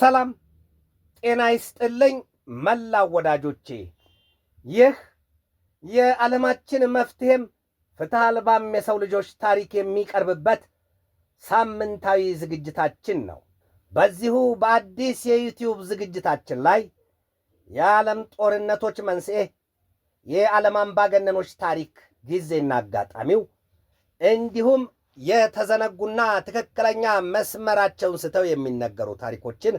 ሰላም ጤና ይስጥልኝ መላው ወዳጆቼ። ይህ የዓለማችን መፍትሔም ፍትሕ አልባም የሰው ልጆች ታሪክ የሚቀርብበት ሳምንታዊ ዝግጅታችን ነው። በዚሁ በአዲስ የዩቲዩብ ዝግጅታችን ላይ የዓለም ጦርነቶች መንስኤ፣ የዓለም አምባገነኖች ታሪክ ጊዜና አጋጣሚው እንዲሁም የተዘነጉና ትክክለኛ መስመራቸውን ስተው የሚነገሩ ታሪኮችን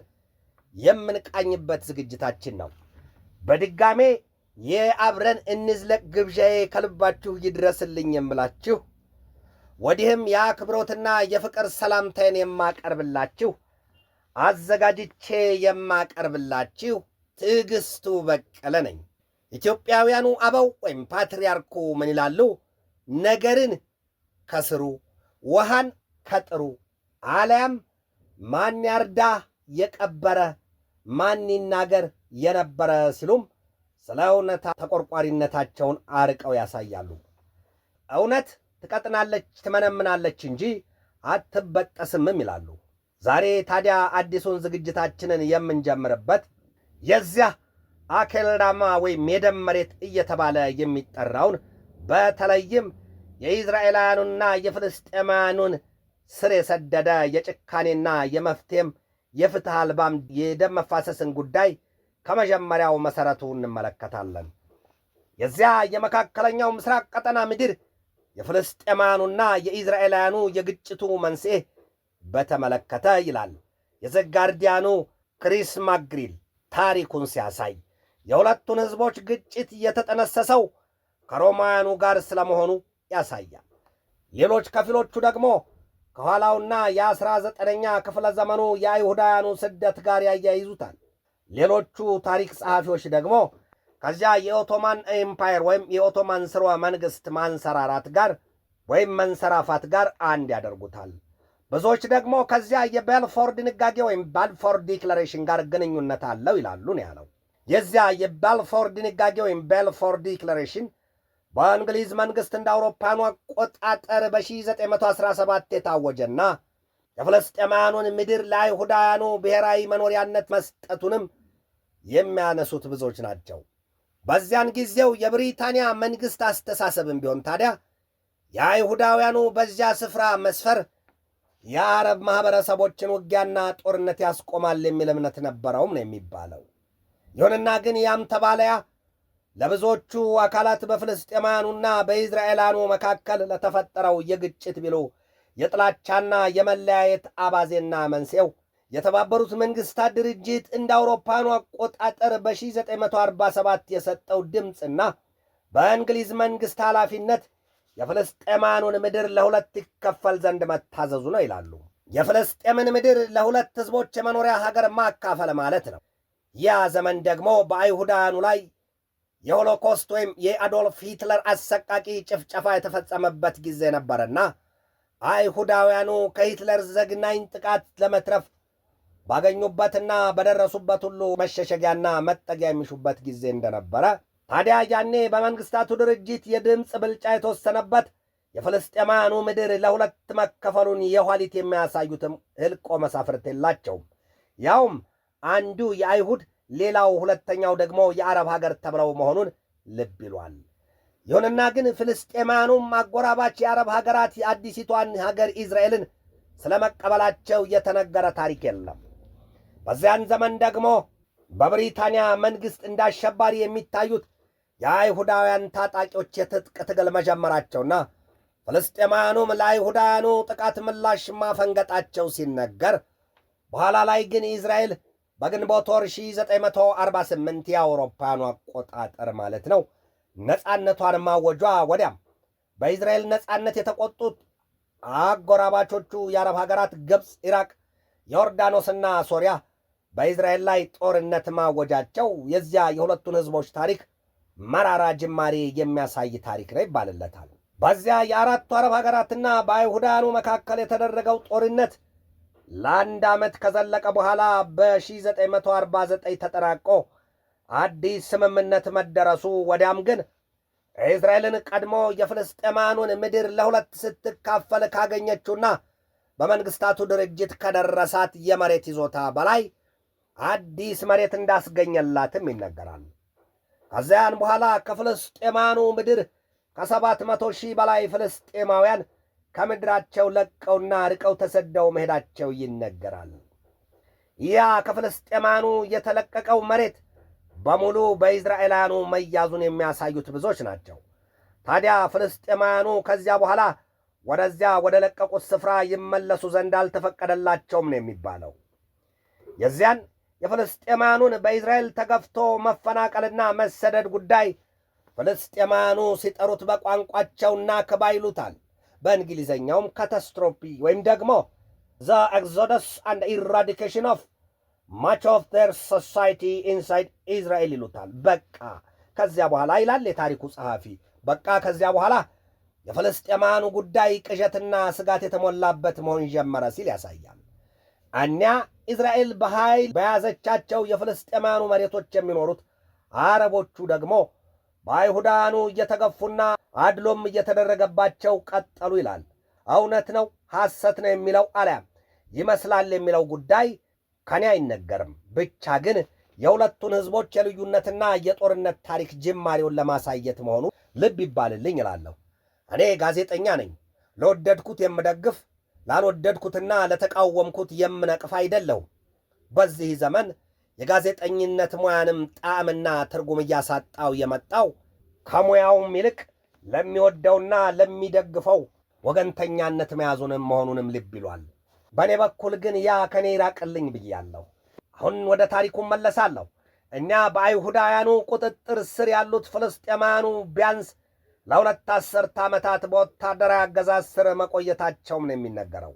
የምንቃኝበት ዝግጅታችን ነው። በድጋሜ የአብረን እንዝለቅ ግብዣዬ ከልባችሁ ይድረስልኝ የምላችሁ ወዲህም የአክብሮትና የፍቅር ሰላምታዬን የማቀርብላችሁ አዘጋጅቼ የማቀርብላችሁ ትዕግስቱ በቀለ ነኝ። ኢትዮጵያውያኑ አበው ወይም ፓትርያርኩ ምን ይላሉ? ነገርን ከስሩ ውሃን ከጥሩ አለያም ማን ያርዳ የቀበረ ማን ይናገር የነበረ ሲሉም ስለ እውነታ ተቆርቋሪነታቸውን አርቀው ያሳያሉ። እውነት ትቀጥናለች ትመነምናለች እንጂ አትበጠስምም ይላሉ። ዛሬ ታዲያ አዲሱን ዝግጅታችንን የምንጀምርበት የዚያ አኬልዳማ ወይም የደም መሬት እየተባለ የሚጠራውን በተለይም የኢዝራኤላኑና የፍልስጤማኑን ስር የሰደደ የጭካኔና የመፍትሔም የፍትህ አልባም የደም መፋሰስን ጉዳይ ከመጀመሪያው መሠረቱ እንመለከታለን። የዚያ የመካከለኛው ምስራቅ ቀጠና ምድር የፍልስጤማኑና የኢዝራኤላውያኑ የግጭቱ መንስኤ በተመለከተ ይላል የዘጋርዲያኑ ክሪስ ማግሪል ታሪኩን ሲያሳይ የሁለቱን ሕዝቦች ግጭት የተጠነሰሰው ከሮማውያኑ ጋር ስለመሆኑ ያሳያል። ሌሎች ከፊሎቹ ደግሞ ከኋላውና የአስራ ዘጠነኛ ክፍለ ዘመኑ የአይሁዳውያኑ ስደት ጋር ያያይዙታል። ሌሎቹ ታሪክ ጸሐፊዎች ደግሞ ከዚያ የኦቶማን ኤምፓየር ወይም የኦቶማን ስርወ መንግሥት ማንሰራራት ጋር ወይም መንሰራፋት ጋር አንድ ያደርጉታል። ብዙዎች ደግሞ ከዚያ የበልፎር ድንጋጌ ወይም ባልፎር ዲክለሬሽን ጋር ግንኙነት አለው ይላሉ ነው ያለው። የዚያ የበልፎር ድንጋጌ ወይም በልፎር ዲክለሬሽን በእንግሊዝ መንግሥት እንደ አውሮፓኑ አቆጣጠር በ1917 የታወጀና የፍልስጤማያኑን ምድር ለአይሁዳውያኑ ብሔራዊ መኖሪያነት መስጠቱንም የሚያነሱት ብዙዎች ናቸው። በዚያን ጊዜው የብሪታንያ መንግሥት አስተሳሰብም ቢሆን ታዲያ የአይሁዳውያኑ በዚያ ስፍራ መስፈር የአረብ ማኅበረሰቦችን ውጊያና ጦርነት ያስቆማል የሚል እምነት ነበረውም ነው የሚባለው። ይሁንና ግን ያም ተባለያ ለብዙዎቹ አካላት በፍልስጤማኑና በኢዝራኤላኑ መካከል ለተፈጠረው የግጭት ቢሉ የጥላቻና የመለያየት አባዜና መንሴው የተባበሩት መንግሥታት ድርጅት እንደ አውሮፓኑ አቆጣጠር በ1947 የሰጠው ድምፅና በእንግሊዝ መንግሥት ኃላፊነት የፍልስጤማኑን ምድር ለሁለት ይከፈል ዘንድ መታዘዙ ነው ይላሉ። የፍልስጤምን ምድር ለሁለት ሕዝቦች የመኖሪያ ሀገር ማካፈል ማለት ነው። ያ ዘመን ደግሞ በአይሁዳኑ ላይ የሆሎኮስት ወይም የአዶልፍ ሂትለር አሰቃቂ ጭፍጨፋ የተፈጸመበት ጊዜ ነበረና አይሁዳውያኑ ከሂትለር ዘግናኝ ጥቃት ለመትረፍ ባገኙበትና በደረሱበት ሁሉ መሸሸጊያና መጠጊያ የሚሹበት ጊዜ እንደነበረ ታዲያ ያኔ በመንግሥታቱ ድርጅት የድምፅ ብልጫ የተወሰነበት የፍልስጤማኑ ምድር ለሁለት መከፈሉን የኋሊት የሚያሳዩትም ሕልቆ መሳፍርት የላቸውም። ያውም አንዱ የአይሁድ ሌላው ሁለተኛው ደግሞ የአረብ ሀገር ተብለው መሆኑን ልብ ይሏል። ይሁንና ግን ፍልስጤማኑም አጎራባች የአረብ ሀገራት የአዲሲቷን ሀገር ኢዝራኤልን ስለ መቀበላቸው የተነገረ ታሪክ የለም። በዚያን ዘመን ደግሞ በብሪታንያ መንግሥት እንደ አሸባሪ የሚታዩት የአይሁዳውያን ታጣቂዎች የትጥቅ ትግል መጀመራቸውና ፍልስጤማኑም ለአይሁዳውያኑ ጥቃት ምላሽ ማፈንገጣቸው ሲነገር በኋላ ላይ ግን ኢዝራኤል በግንቦት ወር 1948 የአውሮፓኑ አቆጣጠር ማለት ነው ነፃነቷን ማወጇ ወዲያም በእስራኤል ነፃነት የተቆጡት አጎራባቾቹ የአረብ ሀገራት ግብፅ፣ ኢራቅ፣ ዮርዳኖስና ሶሪያ በእስራኤል ላይ ጦርነት ማወጃቸው የዚያ የሁለቱን ህዝቦች ታሪክ መራራ ጅማሬ የሚያሳይ ታሪክ ነው ይባልለታል። በዚያ የአራቱ አረብ ሀገራትና በአይሁዳኑ መካከል የተደረገው ጦርነት ለአንድ ዓመት ከዘለቀ በኋላ በ1949 ተጠናቆ አዲስ ስምምነት መደረሱ ወዲያም ግን እስራኤልን ቀድሞ የፍልስጤማኑን ምድር ለሁለት ስትካፈል ካገኘችውና በመንግሥታቱ ድርጅት ከደረሳት የመሬት ይዞታ በላይ አዲስ መሬት እንዳስገኘላትም ይነገራል። ከዚያን በኋላ ከፍልስጤማኑ ምድር ከሰባት መቶ ሺህ በላይ ፍልስጤማውያን ከምድራቸው ለቀውና ርቀው ተሰደው መሄዳቸው ይነገራል። ያ ከፍልስጤማኑ የተለቀቀው መሬት በሙሉ በኢዝራኤላውያኑ መያዙን የሚያሳዩት ብዙዎች ናቸው። ታዲያ ፍልስጤማውያኑ ከዚያ በኋላ ወደዚያ ወደ ለቀቁት ስፍራ ይመለሱ ዘንድ አልተፈቀደላቸውም ነው የሚባለው። የዚያን የፍልስጤማውያኑን በኢዝራኤል ተገፍቶ መፈናቀልና መሰደድ ጉዳይ ፍልስጤማውያኑ ሲጠሩት በቋንቋቸውና ክባ ይሉታል። በእንግሊዘኛውም ካታስትሮፊ ወይም ደግሞ ዘ ኤግዞደስ አንድ ኢራዲኬሽን ኦፍ ማች ኦፍ ቴር ሶሳይቲ ኢንሳይድ ኢዝራኤል ይሉታል። በቃ ከዚያ በኋላ ይላል የታሪኩ ጸሐፊ፣ በቃ ከዚያ በኋላ የፍልስጤማኑ ጉዳይ ቅዠትና ስጋት የተሞላበት መሆን ጀመረ ሲል ያሳያል። እኒያ እስራኤል በኃይል በያዘቻቸው የፍልስጤማኑ መሬቶች የሚኖሩት አረቦቹ ደግሞ በአይሁዳኑ እየተገፉና አድሎም እየተደረገባቸው ቀጠሉ ይላል። እውነት ነው፣ ሐሰት ነው የሚለው አልያም ይመስላል የሚለው ጉዳይ ከኔ አይነገርም። ብቻ ግን የሁለቱን ሕዝቦች የልዩነትና የጦርነት ታሪክ ጅማሬውን ለማሳየት መሆኑ ልብ ይባልልኝ እላለሁ። እኔ ጋዜጠኛ ነኝ። ለወደድኩት የምደግፍ ላልወደድኩትና ለተቃወምኩት የምነቅፍ አይደለሁም። በዚህ ዘመን የጋዜጠኝነት ሙያንም ጣዕምና ትርጉም እያሳጣው የመጣው ከሙያውም ይልቅ ለሚወደውና ለሚደግፈው ወገንተኛነት መያዙንም መሆኑንም ልብ ይሏል። በእኔ በኩል ግን ያ ከኔ ይራቅልኝ ብያለሁ። አሁን ወደ ታሪኩ መለሳለሁ። እኛ በአይሁዳውያኑ ቁጥጥር ስር ያሉት ፍልስጤማውያኑ ቢያንስ ለሁለት አስርት ዓመታት በወታደራዊ አገዛዝ ስር መቆየታቸውም ነው የሚነገረው።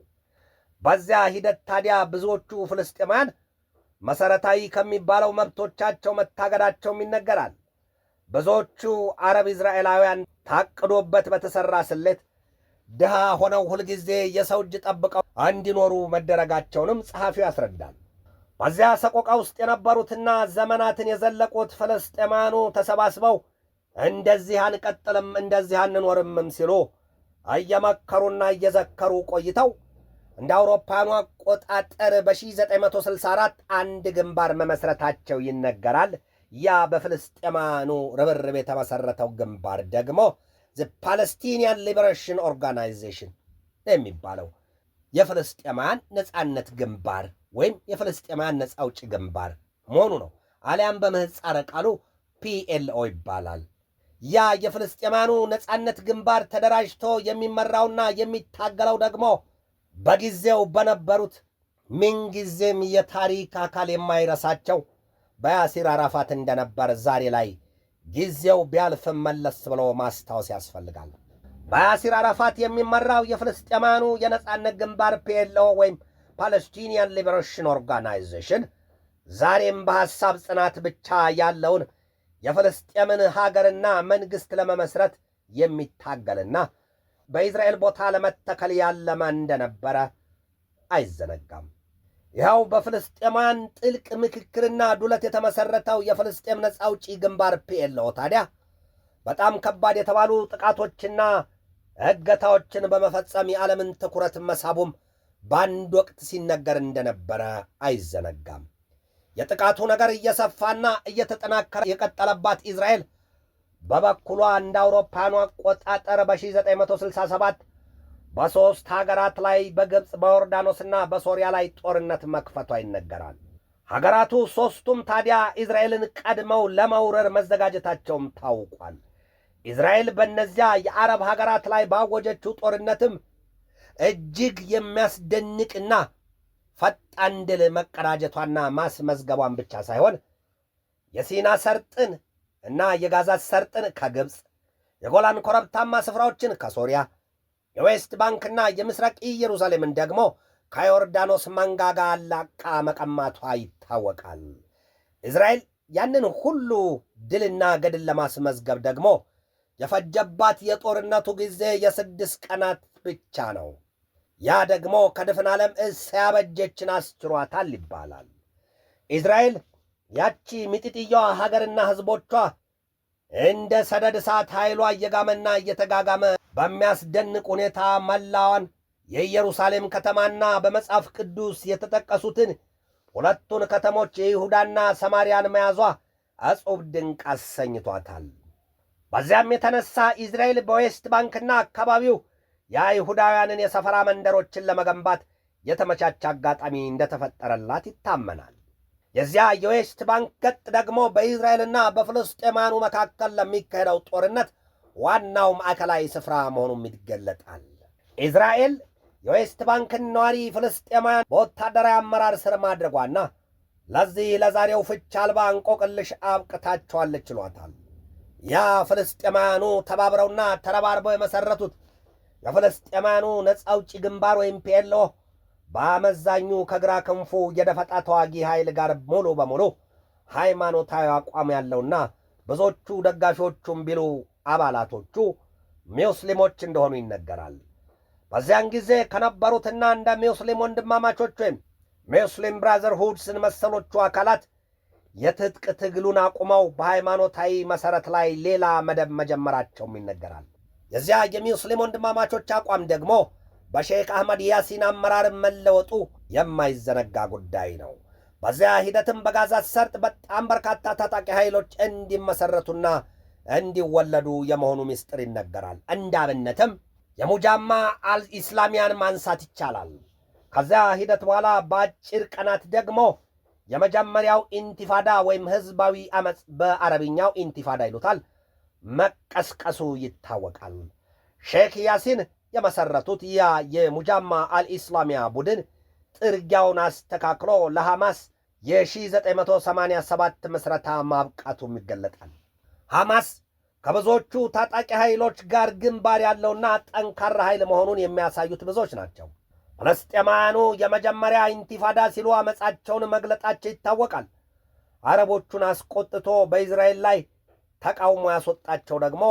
በዚያ ሂደት ታዲያ ብዙዎቹ ፍልስጤማውያን መሠረታዊ ከሚባለው መብቶቻቸው መታገዳቸውም ይነገራል። ብዙዎቹ አረብ እስራኤላውያን ታቅዶበት በተሠራ ስሌት ድሃ ሆነው ሁልጊዜ የሰው እጅ ጠብቀው እንዲኖሩ መደረጋቸውንም ጸሐፊው ያስረዳል። በዚያ ሰቆቃ ውስጥ የነበሩትና ዘመናትን የዘለቁት ፍልስጤማኑ ተሰባስበው እንደዚህ አንቀጥልም፣ እንደዚህ አንኖርምም ሲሉ እየመከሩና እየዘከሩ ቆይተው እንደ አውሮፓኑ አቆጣጠር በ1964 አንድ ግንባር መመስረታቸው ይነገራል። ያ በፍልስጤማኑ ርብርብ የተመሰረተው ግንባር ደግሞ ዘ ፓለስቲኒያን ሊበሬሽን ኦርጋናይዜሽን የሚባለው የፍልስጤማን ነፃነት ግንባር ወይም የፍልስጤማን ነፃ አውጪ ግንባር መሆኑ ነው። አሊያም በምህፃረ ቃሉ ፒኤልኦ ይባላል። ያ የፍልስጤማኑ ነፃነት ግንባር ተደራጅቶ የሚመራውና የሚታገለው ደግሞ በጊዜው በነበሩት ምንጊዜም የታሪክ አካል የማይረሳቸው በያሲር አራፋት እንደነበር ዛሬ ላይ ጊዜው ቢያልፍም መለስ ብሎ ማስታወስ ያስፈልጋል። በያሲር አራፋት የሚመራው የፍልስጤማኑ የነጻነት ግንባር ፒኤልኦ ወይም ፓለስቲኒያን ሊበሬሽን ኦርጋናይዜሽን ዛሬም በሐሳብ ጽናት ብቻ ያለውን የፍልስጤምን ሀገርና መንግሥት ለመመስረት የሚታገልና በኢዝራኤል ቦታ ለመተከል ያለመ እንደነበረ አይዘነጋም። ይኸው በፍልስጤማውያን ጥልቅ ምክክርና ዱለት የተመሠረተው የፍልስጤም ነፃ አውጪ ግንባር ፒኤልኦ ታዲያ በጣም ከባድ የተባሉ ጥቃቶችና እገታዎችን በመፈጸም የዓለምን ትኩረት መሳቡም በአንድ ወቅት ሲነገር እንደነበረ አይዘነጋም። የጥቃቱ ነገር እየሰፋና እየተጠናከረ የቀጠለባት እስራኤል በበኩሏ እንደ አውሮፓኑ አቆጣጠር በ1967 በሦስት ሀገራት ላይ በግብፅ በዮርዳኖስና በሶሪያ ላይ ጦርነት መክፈቷ ይነገራል። ሀገራቱ ሦስቱም ታዲያ እስራኤልን ቀድመው ለመውረር መዘጋጀታቸውም ታውቋል። እስራኤል በእነዚያ የአረብ ሀገራት ላይ ባወጀችው ጦርነትም እጅግ የሚያስደንቅና ፈጣን ድል መቀዳጀቷና ማስመዝገቧን ብቻ ሳይሆን የሲና ሰርጥን እና የጋዛ ሰርጥን ከግብፅ የጎላን ኮረብታማ ስፍራዎችን ከሶሪያ የዌስት ባንክና የምስራቅ ኢየሩሳሌምን ደግሞ ከዮርዳኖስ መንጋጋ አላቃ መቀማቷ ይታወቃል። እስራኤል ያንን ሁሉ ድልና ገድል ለማስመዝገብ ደግሞ የፈጀባት የጦርነቱ ጊዜ የስድስት ቀናት ብቻ ነው። ያ ደግሞ ከድፍን ዓለም እስ ያበጀችን አስችሯታል ይባላል። እስራኤል ያቺ ሚጢጥያዋ ሀገርና ሕዝቦቿ እንደ ሰደድ እሳት ኃይሏ እየጋመና እየተጋጋመ በሚያስደንቅ ሁኔታ መላዋን የኢየሩሳሌም ከተማና በመጽሐፍ ቅዱስ የተጠቀሱትን ሁለቱን ከተሞች የይሁዳና ሰማርያን መያዟ እጹብ ድንቅ አሰኝቷታል። በዚያም የተነሳ ኢዝራኤል በዌስት ባንክና አካባቢው የአይሁዳውያንን የሰፈራ መንደሮችን ለመገንባት የተመቻቸ አጋጣሚ እንደተፈጠረላት ይታመናል። የዚያ የዌስት ባንክ ገጥ ደግሞ በኢዝራኤልና በፍልስጤማኑ መካከል ለሚካሄደው ጦርነት ዋናው ማዕከላዊ ስፍራ መሆኑም ይገለጣል። እስራኤል የዌስት ባንክን ነዋሪ ፍልስጤማውያን በወታደራዊ አመራር ስር ማድረጓና ለዚህ ለዛሬው ፍች አልባ እንቆቅልሽ አብቅታቸዋለች ችሏታል። ያ ፍልስጤማውያኑ ተባብረውና ተረባርበው የመሠረቱት የፍልስጤማውያኑ ነፃ አውጪ ግንባር ወይም ፒኤልኦ በአመዛኙ ከግራ ክንፉ የደፈጣ ተዋጊ ኃይል ጋር ሙሉ በሙሉ ሃይማኖታዊ አቋም ያለውና ብዙዎቹ ደጋፊዎቹም ቢሉ አባላቶቹ ሙስሊሞች እንደሆኑ ይነገራል። በዚያን ጊዜ ከነበሩትና እንደ ሙስሊም ወንድማማቾች ወይም ሙስሊም ሁድስን መሰሎቹ አካላት የትጥቅ ትግሉን አቁመው በሃይማኖታዊ መሠረት ላይ ሌላ መደብ መጀመራቸውም ይነገራል። የዚያ የሙስሊም ወንድማማቾች አቋም ደግሞ በሼክ አህመድ ያሲን አመራር መለወጡ የማይዘነጋ ጉዳይ ነው። በዚያ ሂደትም በጋዛ ሰርጥ በጣም በርካታ ታጣቂ ኃይሎች እንዲመሰረቱና እንዲወለዱ የመሆኑ ምስጢር ይነገራል። እንደ የሙጃማ አልኢስላሚያን ማንሳት ይቻላል። ከዚያ ሂደት በኋላ በአጭር ቀናት ደግሞ የመጀመሪያው ኢንቲፋዳ ወይም ህዝባዊ አመፅ በአረብኛው ኢንቲፋዳ ይሉታል መቀስቀሱ ይታወቃል። ሼክ ያሲን የመሰረቱት ያ የሙጃማ አልኢስላሚያ ቡድን ጥርጊያውን አስተካክሎ ለሐማስ የ1987 ምስረታ ማብቃቱም ይገለጣል። ሐማስ ከብዙዎቹ ታጣቂ ኃይሎች ጋር ግንባር ያለውና ጠንካራ ኃይል መሆኑን የሚያሳዩት ብዙዎች ናቸው። ፍልስጤማውያኑ የመጀመሪያ ኢንቲፋዳ ሲሉ ዓመፃቸውን መግለጣቸው ይታወቃል። አረቦቹን አስቆጥቶ በእስራኤል ላይ ተቃውሞ ያስወጣቸው ደግሞ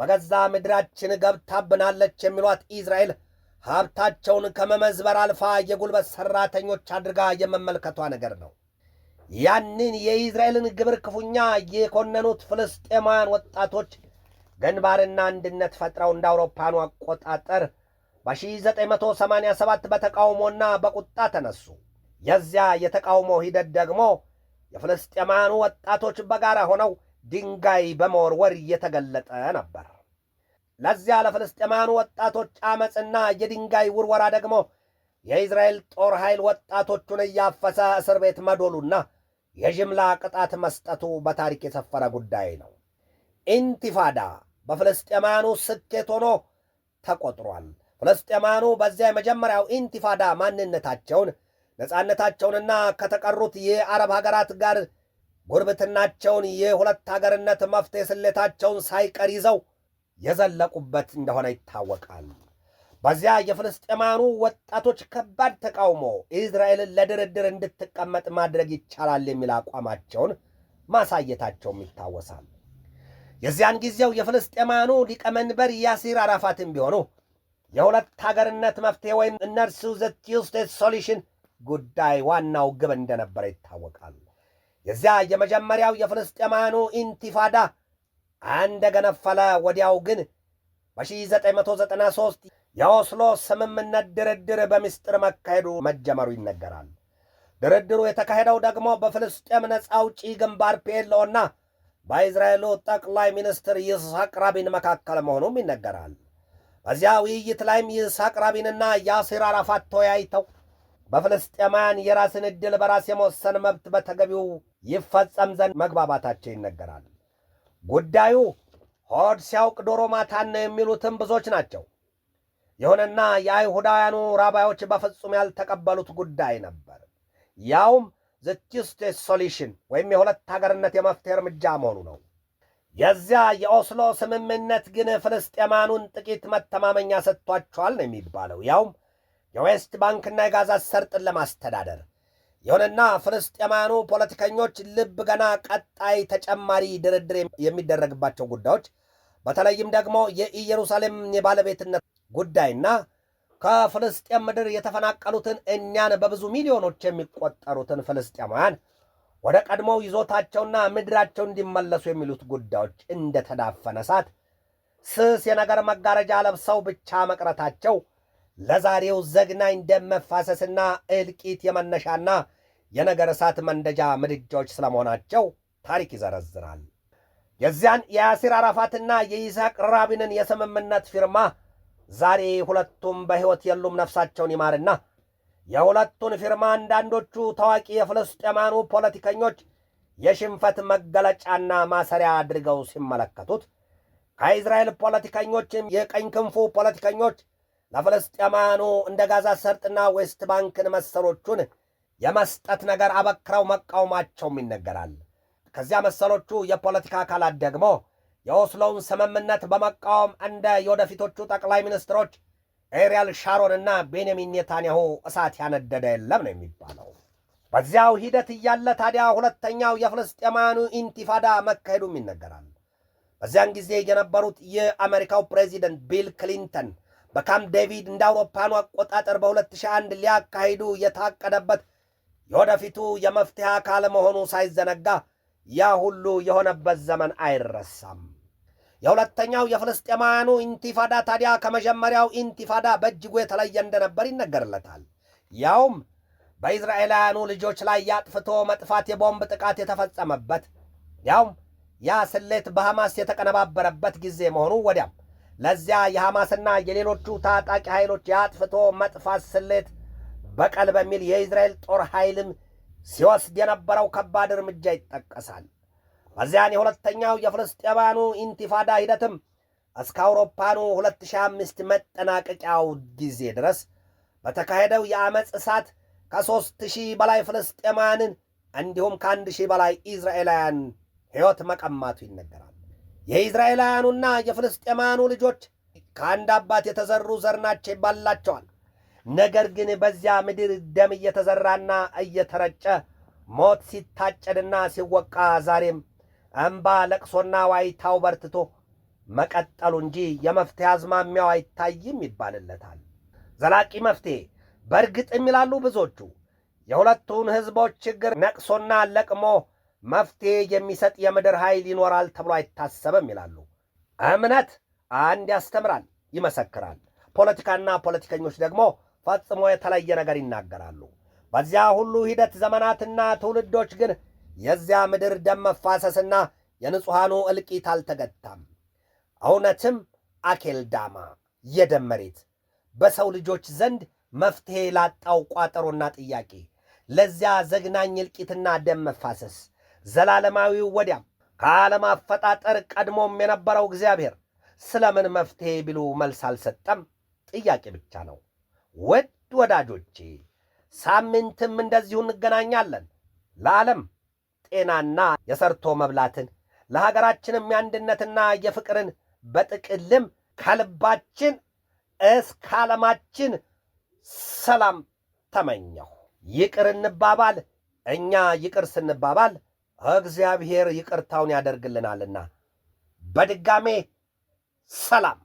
በገዛ ምድራችን ገብታብናለች የሚሏት ኢዝራኤል ሀብታቸውን ከመመዝበር አልፋ የጉልበት ሠራተኞች አድርጋ የመመልከቷ ነገር ነው። ያንን የኢዝራኤልን ግብር ክፉኛ የኮነኑት ፍልስጤማውያን ወጣቶች ግንባርና አንድነት ፈጥረው እንደ አውሮፓኑ አቆጣጠር በ1987 በተቃውሞና በቁጣ ተነሱ። የዚያ የተቃውሞ ሂደት ደግሞ የፍልስጤማውያኑ ወጣቶች በጋራ ሆነው ድንጋይ በመወርወር እየተገለጠ ነበር። ለዚያ ለፍልስጤማኑ ወጣቶች አመፅና የድንጋይ ውርወራ ደግሞ የእስራኤል ጦር ኃይል ወጣቶቹን እያፈሰ እስር ቤት መዶሉና የጅምላ ቅጣት መስጠቱ በታሪክ የሰፈረ ጉዳይ ነው። ኢንቲፋዳ በፍልስጤማኑ ስኬት ሆኖ ተቆጥሯል። ፍልስጤማኑ በዚያ የመጀመሪያው ኢንቲፋዳ ማንነታቸውን ነፃነታቸውንና ከተቀሩት የአረብ ሀገራት ጋር ጉርብትናቸውን የሁለት አገርነት መፍትሄ ስሌታቸውን ሳይቀር ይዘው የዘለቁበት እንደሆነ ይታወቃል። በዚያ የፍልስጤማኑ ወጣቶች ከባድ ተቃውሞ እስራኤልን ለድርድር እንድትቀመጥ ማድረግ ይቻላል የሚል አቋማቸውን ማሳየታቸውም ይታወሳል። የዚያን ጊዜው የፍልስጤማኑ ሊቀመንበር ያሲር አራፋትም ቢሆኑ የሁለት ሀገርነት መፍትሄ ወይም እነርሱ ዘ ቱ ስቴት ሶሉሽን ጉዳይ ዋናው ግብ እንደነበረ ይታወቃል። የዚያ የመጀመሪያው የፍልስጤማኑ ኢንቲፋዳ አንደ ገነፈለ። ወዲያው ግን በ1993 የኦስሎ ስምምነት ድርድር በምስጢር መካሄዱ መጀመሩ ይነገራል። ድርድሩ የተካሄደው ደግሞ በፍልስጤም ነፃ አውጪ ግንባር ፔሎና በእስራኤሉ ጠቅላይ ሚኒስትር ይስሐቅ ራቢን መካከል መሆኑም ይነገራል። በዚያ ውይይት ላይም ይስሐቅ ራቢንና ያሲር አራፋት ተወያይተው በፍልስጤማውያን የራስን ዕድል በራስ የመወሰን መብት በተገቢው ይፈጸም ዘንድ መግባባታቸው ይነገራል። ጉዳዩ ሆድ ሲያውቅ ዶሮ ማታን ነው የሚሉትም ብዙዎች ናቸው። ይሁንና የአይሁዳውያኑ ራባዮች በፍጹም ያልተቀበሉት ጉዳይ ነበር። ያውም ዘ ቱ ስቴት ሶሉሽን ወይም የሁለት ሀገርነት የመፍትሄ እርምጃ መሆኑ ነው። የዚያ የኦስሎ ስምምነት ግን ፍልስጤማኑን ጥቂት መተማመኛ ሰጥቷቸዋል ነው የሚባለው። ያውም የዌስት ባንክና የጋዛ ሰርጥን ለማስተዳደር ይሁንና ፍልስጤማኑ ፖለቲከኞች ልብ ገና ቀጣይ ተጨማሪ ድርድር የሚደረግባቸው ጉዳዮች በተለይም ደግሞ የኢየሩሳሌም የባለቤትነት ጉዳይና ከፍልስጤም ምድር የተፈናቀሉትን እኛን በብዙ ሚሊዮኖች የሚቆጠሩትን ፍልስጤማውያን ወደ ቀድሞው ይዞታቸውና ምድራቸው እንዲመለሱ የሚሉት ጉዳዮች እንደተዳፈነ እሳት ስስ የነገር መጋረጃ ለብሰው ብቻ መቅረታቸው ለዛሬው ዘግናኝ ደም መፋሰስና እልቂት የመነሻና የነገር እሳት መንደጃ ምድጃዎች ስለመሆናቸው ታሪክ ይዘረዝራል። የዚያን የያሲር አራፋትና የይስሐቅ ራቢንን የስምምነት ፊርማ ዛሬ ሁለቱም በሕይወት የሉም፣ ነፍሳቸውን ይማርና የሁለቱን ፊርማ አንዳንዶቹ ታዋቂ የፍልስጤማኑ ፖለቲከኞች የሽንፈት መገለጫና ማሰሪያ አድርገው ሲመለከቱት ከእስራኤል ፖለቲከኞችም የቀኝ ክንፉ ፖለቲከኞች ለፍልስጤማኑ እንደ ጋዛ ሰርጥና ዌስት ባንክን መሰሎቹን የመስጠት ነገር አበክረው መቃወማቸውም ይነገራል። ከዚያ መሰሎቹ የፖለቲካ አካላት ደግሞ የኦስሎውን ስምምነት በመቃወም እንደ የወደፊቶቹ ጠቅላይ ሚኒስትሮች ኤሪያል ሻሮንና ቤንያሚን ኔታንያሁ እሳት ያነደደ የለም ነው የሚባለው። በዚያው ሂደት እያለ ታዲያ ሁለተኛው የፍልስጤማኑ ኢንቲፋዳ መካሄዱም ይነገራል። በዚያን ጊዜ የነበሩት የአሜሪካው ፕሬዚደንት ቢል ክሊንተን በካምፕ ዴቪድ እንደ አውሮፓኑ አቆጣጠር በ2001 ሊያካሂዱ የታቀደበት የወደፊቱ የመፍትሄ አካል መሆኑ ሳይዘነጋ ያ ሁሉ የሆነበት ዘመን አይረሳም። የሁለተኛው የፍልስጤማውያኑ ኢንቲፋዳ ታዲያ ከመጀመሪያው ኢንቲፋዳ በእጅጉ የተለየ እንደነበር ይነገርለታል። ያውም በእስራኤላውያኑ ልጆች ላይ ያጥፍቶ መጥፋት የቦምብ ጥቃት የተፈጸመበት ያውም ያ ስሌት በሐማስ የተቀነባበረበት ጊዜ መሆኑ ወዲያም ለዚያ የሐማስና የሌሎቹ ታጣቂ ኃይሎች የአጥፍቶ መጥፋት ስሌት በቀል በሚል የእስራኤል ጦር ኃይልም ሲወስድ የነበረው ከባድ እርምጃ ይጠቀሳል። በዚያን የሁለተኛው የፍልስጤማኑ ኢንቲፋዳ ሂደትም እስከ አውሮፓኑ 2005 መጠናቀቂያው ጊዜ ድረስ በተካሄደው የአመፅ እሳት ከሦስት ሺህ በላይ ፍልስጤማንን እንዲሁም ከአንድ ሺህ በላይ ኢዝራኤላውያን ሕይወት መቀማቱ ይነገራል። የኢዝራኤላውያኑና የፍልስጤማኑ ልጆች ከአንድ አባት የተዘሩ ዘር ናቸው ይባላቸዋል። ነገር ግን በዚያ ምድር ደም እየተዘራና እየተረጨ ሞት ሲታጨድና ሲወቃ ዛሬም እምባ ለቅሶና ዋይታው በርትቶ መቀጠሉ እንጂ የመፍትሄ አዝማሚያው አይታይም ይባልለታል። ዘላቂ መፍትሄ በእርግጥም ይላሉ ብዙዎቹ የሁለቱን ሕዝቦች ችግር ነቅሶና ለቅሞ መፍትሄ የሚሰጥ የምድር ኃይል ይኖራል ተብሎ አይታሰብም ይላሉ። እምነት አንድ ያስተምራል፣ ይመሰክራል። ፖለቲካና ፖለቲከኞች ደግሞ ፈጽሞ የተለየ ነገር ይናገራሉ። በዚያ ሁሉ ሂደት ዘመናትና ትውልዶች ግን የዚያ ምድር ደም መፋሰስና የንጹሐኑ እልቂት አልተገታም። እውነትም አኬልዳማ የደም መሬት በሰው ልጆች ዘንድ መፍትሔ ላጣው ቋጠሮና ጥያቄ፣ ለዚያ ዘግናኝ እልቂትና ደም መፋሰስ ዘላለማዊው ወዲያም ከዓለም አፈጣጠር ቀድሞም የነበረው እግዚአብሔር ስለምን መፍትሄ ቢሉ መልስ አልሰጠም። ጥያቄ ብቻ ነው። ውድ ወዳጆቼ ሳምንትም እንደዚሁ እንገናኛለን። ለዓለም ጤናና የሰርቶ መብላትን ለሀገራችንም የአንድነትና የፍቅርን በጥቅልም ከልባችን እስከ ዓለማችን ሰላም ተመኘሁ። ይቅር እንባባል። እኛ ይቅር ስንባባል እግዚአብሔር ይቅርታውን ያደርግልናልና በድጋሜ ሰላም